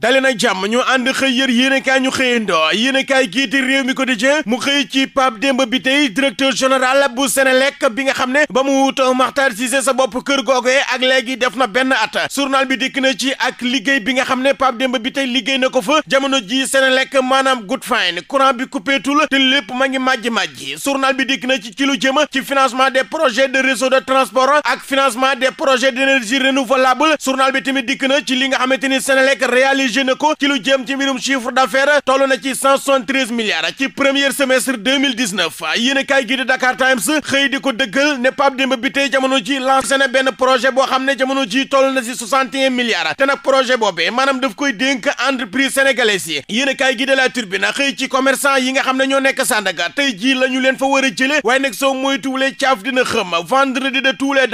dali na jàmm ñu ànd xëy yër yéenekaay ñu xëyandoo yéenekaay gii di réew mi quotidien mu xëy ci Pape bi tey directeur général bu Senelec bi nga xam ne ba mu wutoo Makhtar Cissé sa bopp kër googe ak léegi def na benn at journal bi dikk na ci ak liggéey bi nga xam ne Pape bi tey liggéey na ko fa jamono ji Senelec maanaam good fine courant bi coupétul te lépp ma ngi màjji-màjji journal bi dikk na ci ci lu jëm ci financement des projets de réseau de transport ak financement des projets d'énergie renouvelable journal bi tamit dikk na ci li nga xamante ni Senelec réalise corrigé na ko ci lu jëm ci mbirum ci 173 milliards ci premier semestre 2019 yéen a gi di Dakar Times xëy di ko dëggal ne Pape Demba bi tey ji lancé na benn boo xam ne jamono ji toll na ci 61 milliards te nag projet boobee maanaam daf koy dénk entreprise sénégalaise yi yéen a kaay gi de la xëy ci commerçant yi nga xam ne ñoo nekk Sandaga tey jii la leen fa war a jëlee waaye nag soo moytuwulee caaf dina xëm vendredi de tous les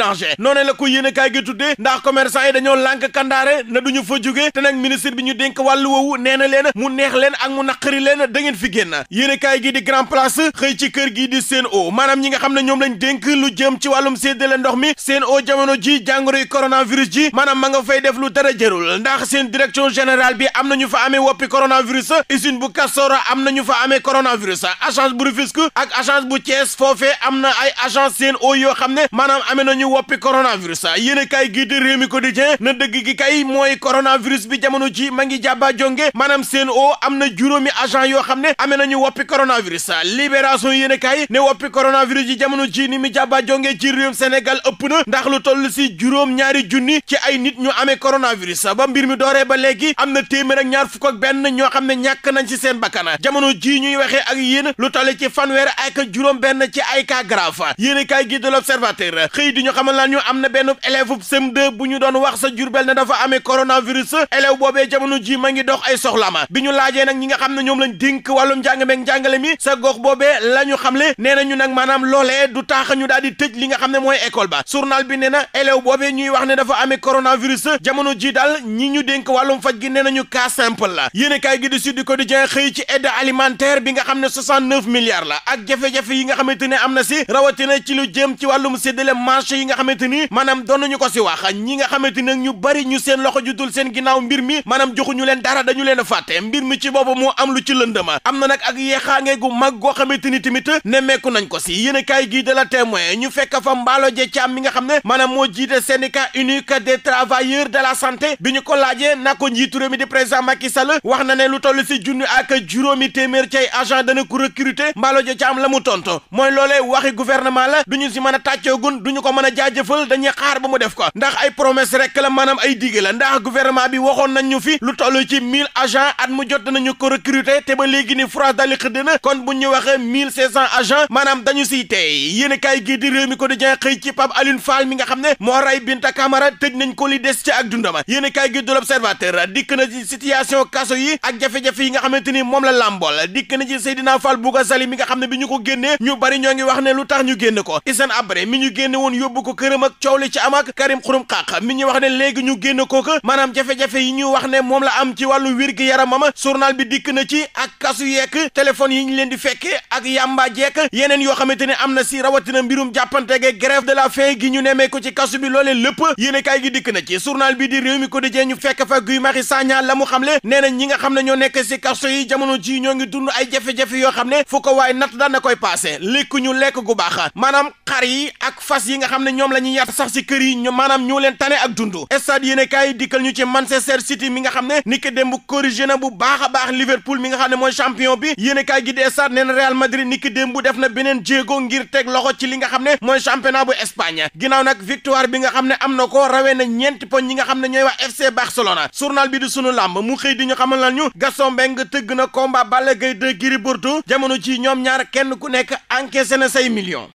ñu dénk wàllu woowu nee na leen mu neex leen ak mu naqari leen da ngeen fi génna yéenekaay gi di grand place xëy ci kër gi di o maanaam ñi nga xam ne ñoom lañ dénk lu jëm ci wàllum séddale ndox mi o jamono ji jàngoroy coronavirus ji maanaam ma nga fay def lu dara jërul ndax seen direction générale bi am na ñu fa amee woppi coronavirus usine bu Kasora am na ñu fa amee coronavirus agence bu Rufisque ak agence bu Thiès foofee am na ay agence Sen'Eau yoo xam ne maanaam amee nañu woppi coronavirus yéenekaay gi di Rewmi Quotidien na dëgg gi kay mooy coronavirus bi jamono ji ma ngi jàbba jonge maanaam seen o am na juróomi agent yoo xam ne amee nañu woppi coronavirus libération yéen kaay ne woppi coronavirus yi jamono jii ni mi jàbba jonge ci réewum Sénégal ëpp na ndax lu toll si juróom ñaari junni ci ay nit ñu amee coronavirus ba mbir mi dooree ba léegi am na téeméer ak ñaar fukk ak benn ñoo xam ne ñàkk nañ ci seen bakkan jamono jii ñuy waxee ak yéen lu toll ci fanweer ak juróom benn ci ay cas grave yéen kaay gi de l'observateur xëy di ñu xamal laan ñu am na benn élève sem 2 bu ñu doon wax sa Jurbel ne dafa amee coronavirus élève boobee jamono ji ma ngi dox ay soxlaama bi ñu laajee nag ñi nga xam ne ñoom lañ dénk wàllum njàng meeg njàngale mi sa gox boobee la ñu xamle nee na ñu nag maanaam loolee du taax ñu daal di tëj li nga xam ne mooy école ba journal bi nee na élève boobee ñuy wax ne dafa amee coronavirus jamono ji daal ñi ñu dénk wàllum faj gi nee nañu cas simple la yéen kaay gi di Sud Quotidien xëy ci aide alimentaire bi nga xam ne 69 milliards la ak jafe-jafe yi nga xamante ne am na si rawatina ci lu jëm ci wàllum séddale marché yi nga xamante ni maanaam doon nañu ko si wax ñi nga xamante nag ñu bari ñu seen loxo ju seen ginnaaw mbir mi maanaam joxuñu leen dara dañu leen a fàtte mbir mi ci booba moo am lu ci lëndëma am na nag ak yeexaange gu mag goo xamante ni tamit nemmeeku nañ ko si yéen a kaay gii de la témoin ñu fekk fa mbaalo je caam mi nga xam ne maanaam moo jiite syndicat unique des travailleurs de la santé bi ñu ko laajee na ko njiitu mi di président Macky Sall wax na ne lu toll si junni ak juróomi téeméer cay agent dana ko recruter mbaalo je caam la mu tonto mooy loole waxi gouvernement la duñu si mën a tàccoogun duñu ko mën a jaajëfal dañuy xaar ba mu def ko ndax ay promesse rek la maanaam ay digg la ndax gouvernement bi waxoon nañ ñu fi lu toll ci mille agents at mu jot nañu ko recruter te ba léegi ni France dali xëddina kon bu ñu waxee mille cinq cent agents maanaam dañu siy tey yéen a kaay gii di réew mi ko di jen xëy ci Pape Alioune Fall mi nga xam ne moo rey Binta Camara tëj nañ ko li des ci ak dundama yéen a kaay gi du l'Observateur dikk na ci situation kaso yi ak jafe-jafe yi nga xamante ni moom la làmbool dikk na ci Seydina Fall Bouga Sali mi nga xam ne bi ñu ko génnee ñu bari ñoo ngi wax ne lu tax ñu génn ko Hissène Habré mi ñu génne yóbbu ko këram ak coow li ci am ak Karim Xurum mi ñu wax ne léegi ñu génn ko maanaam jafe yi ñu wax ne moom la am ci wàllu wérgi yaramam journal bi dikk na ci ak kasu yeek téléphone yi ñu leen di fekkee ak yamba jeek yeneen yoo xamante ne am na si rawatina mbirum jàppanteeg grève de la faim gi ñu nemee ko ci kasu bi loolee lépp yéenekaay gi dikk na ci journal bi di réew mi quotidien ñu fekk fa Guy Marius Sagna la mu xamle nee na ñi nga xam ne ñoo nekk si kaso yi jamono ji ñoo ngi dund ay jafe-jafe yoo xam ne fu ko waaye natt daan na koy passé lekk ñu lekk gu baax maanaam xar yi ak fas yi nga xam ne ñoom la ñuy yàtt sax si kër yi maanaam ñoo leen tane ak dund stade yéenekaay dikkal ñu xam ne ni ki démb corrigé na bu baax a baax Liverpool mi nga xam ne mooy champion bi yéene kaay gi di stade nee na Real Madrid ni ki démb def na beneen jéego ngir teg loxo ci li nga xam ne mooy championnat bu Espagne ginnaaw nag victoire bi nga xam ne am na ko rawee na ñeenti poñ ñi nga xam ne ñooy waa FC Barcelona journal bi di suñu làmb mu xëy di ñu xamal lan ñu Gaston Mbengue tëgg na combat Balla Gaye de Gris Bordeaux jamono ci ñoom ñaar kenn ku nekk encaissé na say millions